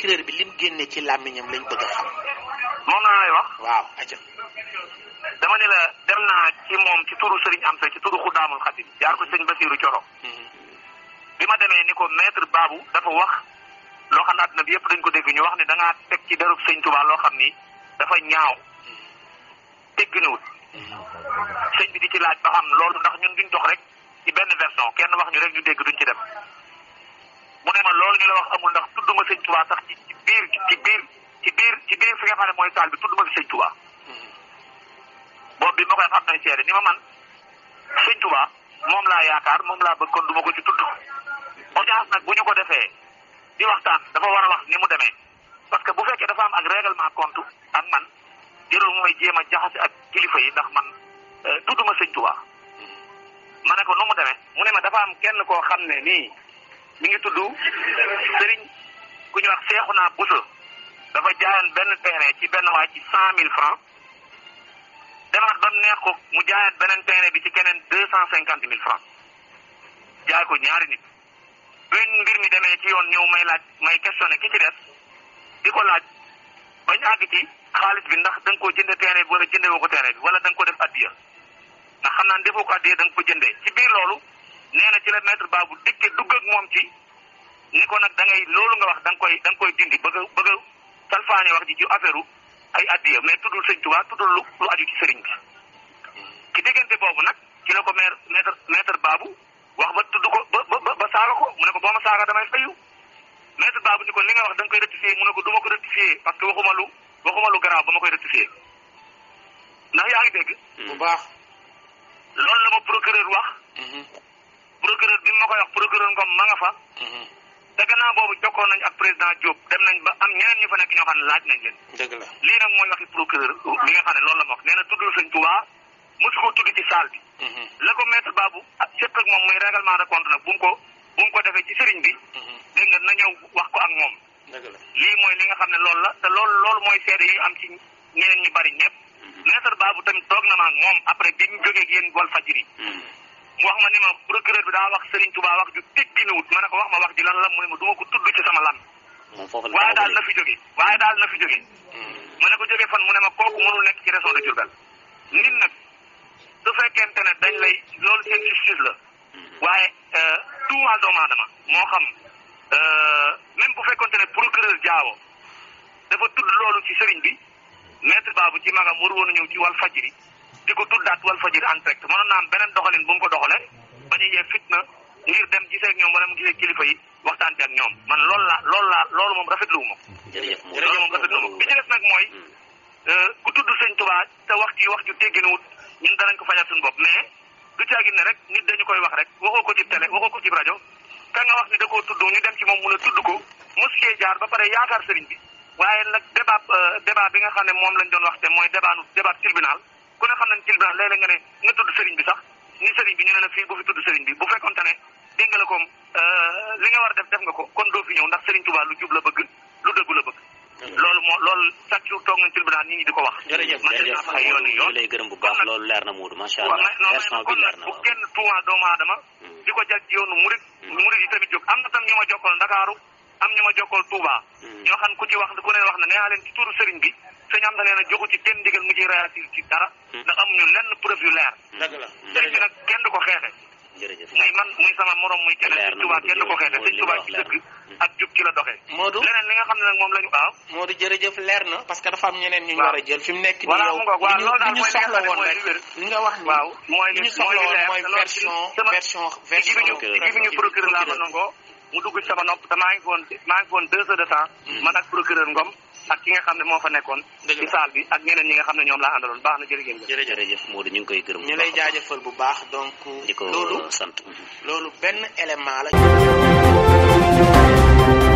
procureur bi lim génne ci làmmiñam lañ bëgg a xam. moom laa lay wax. waaw dama ne la dem naa ci moom ci turu sëriñ am sa ci turu Xuddaamul Xadim jaar ko sëñ Basiiru Coro. Mhm. bi ma demee ni ko maître baabu dafa wax loo xam ne àdduna bi yëpp dañ ko dégg ñu wax ne da teg ci derub sëñ Tuubaa loo xam ni dafa ñaaw tegginawut mhm. sëñ bi di ci laaj ba xam loolu ndax ñun duñ dox rek ci benn version kenn wax ñu rek ñu dégg duñ ci dem mu ne loolu ñu la wax amul ndax sëñ Touba sax ci ci biir ci biir ci biir ci biir fi nga xam ne mooy saal bi tudd ma fi sëñ Touba. boobu bi ma koy xam ne seede ni ma man sëñ Touba moom laa yaakaar moom laa bëgg kon du ma ko ci tudd. audience nag bu ñu ko defee di waxtaan dafa war a wax ni mu demee parce que bu fekkee dafa am ak règlement compte ak man jërul mooy jéem a jaxase ak kilifa yi ndax man euh, tudd ma sëñ Touba. ma ne mu demee mu ne ma dafa am kenn koo xam ne nii mi ngi tudd Serigne ku ñu wax naa Buso dafa jaayoon benn terrain ci benn waay ci cent mille franc demaat ba neex ko mu jaayaat beneen terrain bi ci keneen deux cent cinquante mille franc jaay ko ñaari nit benn mbir mi demee ci yoon ñëw may laaj may questionné ki ci des di ko laaj bañ àgg ci xaalis bi ndax da nga koo jënde terrain bi wala jënde woo ko terrain bi wala da nga ko def addiya ndax xam naa defoo ko addiya da nga ko jënde ci biir loolu nee na ci la maître Babou dikke dugg moom ci ni ko nag da ngay loolu nga wax da koy da nga koy dindi bëgg a bëgg a salfaane wax ji ci affaire ay addiya mais tuddul sëñ Tuubaa tuddul lu aju ci sëriñ bi ci diggante boobu nag ci la ko maire maître maître Babou wax ba tudd ko ba ba ba saaga ko mu ne ko boo ma saaga damay fayu maître Babou ni ko ni nga wax da koy rectifier mu ne ko du ko rectifier parce que waxuma lu waxuma lu garaaw ba ma koy rectifier ndax yaa ngi dégg. Hmm. bu baax loolu la ma procureur wax. Hmm. procureur bi ma koy wax procureur Ngom ma nga fa. Hmm. te gannaaw boobu jokkoon nañ ak président Diop dem nañ ba am ñeneen ñu fa nekk ñoo xam ne laaj nañ leen. la lii nag mooy waxi procureur li nga xam ne loolu la ko tudd ci salle bi. Mhm. la ko maître Babou ak seq moom muy règlement de compte bu mu ko bu mu ko defee ci sëriñ bi. Mhm. dégg nga wax ko ak moom. la lii mooy li nga xam ne loolu la te loolu loolu mooy seede yi am ci ñeneen ñu bari ñëpp. Mhm. maître Babou tamit toog na ma ak moom après bi ñu jógee ak yéen Walfadjri wax ma ne ma procureur bi daa wax Serigne Touba wax ju teggi na wut ma ne ko wax ma wax ji lan la mu ne ma du ma ko tudd ci sama lan. waaye daal na fi jóge waaye daal na fi jóge hmm. mu ne ko jóge fan mu ne ma kooku mënul nekk ci région de Diourbel nit nag su fekkente ne dañ lay loolu seen justice la hmm. waaye euh, tuumaal doomu moo xam euh, même bu fekkonte ne procureur jaawo dafa tudd loolu ci sëriñ bi maître Babou ci magam waru woon a ñëw ci wàllu fajiri di ko tuddaat wal fajir en direct mënoon na am beneen doxalin bu mu ko doxalee bañ a yee fitna ngir dem gisee ak ñoom wala mu gisee kilifa yi waxtaan ci ak ñoom man loolu laa loolu laa loolu moom rafet wu ma ko. jërëjëf moom rafetlu wu ma nag mooy hmm. euh, ku tudd sëñ Tuubaa te wax ci wax ju tegginuwut ñun danañ ko fajal suñu bopp mais du caagin ne rek nit dañu koy wax rek waxoo ko ci télé waxoo ko ci rajo ka nga wax ni da koo tudd ñu dem ci moom mun a tudd ko moskee jaar ba pare yaakaar sëriñ bi waaye nag débat euh, débat bi nga xam ne moom lañ doon wax te mooy débat débat tribunal ku ne xam na ci Ibrahima léeg-léeg nga ne nga tudd sëriñ bi sax ni sëriñ bi ñu ne la fii bu fi tudd sëriñ bi bu fekkonte ne dégg nga la koom euh, li nga war a def def nga ko kon doo fi ñëw ndax sëriñ Tuubaa lu jub la bëgg lu dëggu la bëgg. loolu moo loolu chaque jour toog nañ ci Ibrahima di ko wax. jërëjëf jërëjëf man yoon i yoon lay gërëm bu baax loolu leer na Moodu allah. version bi leer na bu kenn doomu aadama. Hmm. di ko jag ci yoonu murid hmm. murid yi tamit jóg am na tam ñu ma jokkal Ndakaaru hmm. ku ci wax ku ne wax na nee naa leen ci turu sëriñ bi ndax amuñu lenn la jërëjëf nag kenn ko xeexe. jërëjëf muy man muy sama morom muy keneen ko xeexe sëñ Tuubaa ci dëgg xam ne nag moom la ñu baaw. Modou jërëjëf leer na parce que dafa am ñeneen ñu ñu war mu nekk nii yow li ñu soxla woon rek li nga wax ni li ñu soxla woon mooy version procureur laa ma nangoo mu dugg sama nopp te foon maa foon deux heures de temps hmm. man ak procureur Ngom ak ki nga xam ne moo fa nekkoon ci saal bi ak ñeneen ñi nga xam ne ñoom laa àndaloon baax na jërëjëf jërëjëf Modou ñu ngi koy gërëm ñu lay jaajëfal bu baax donc di ko sant loolu benn élément la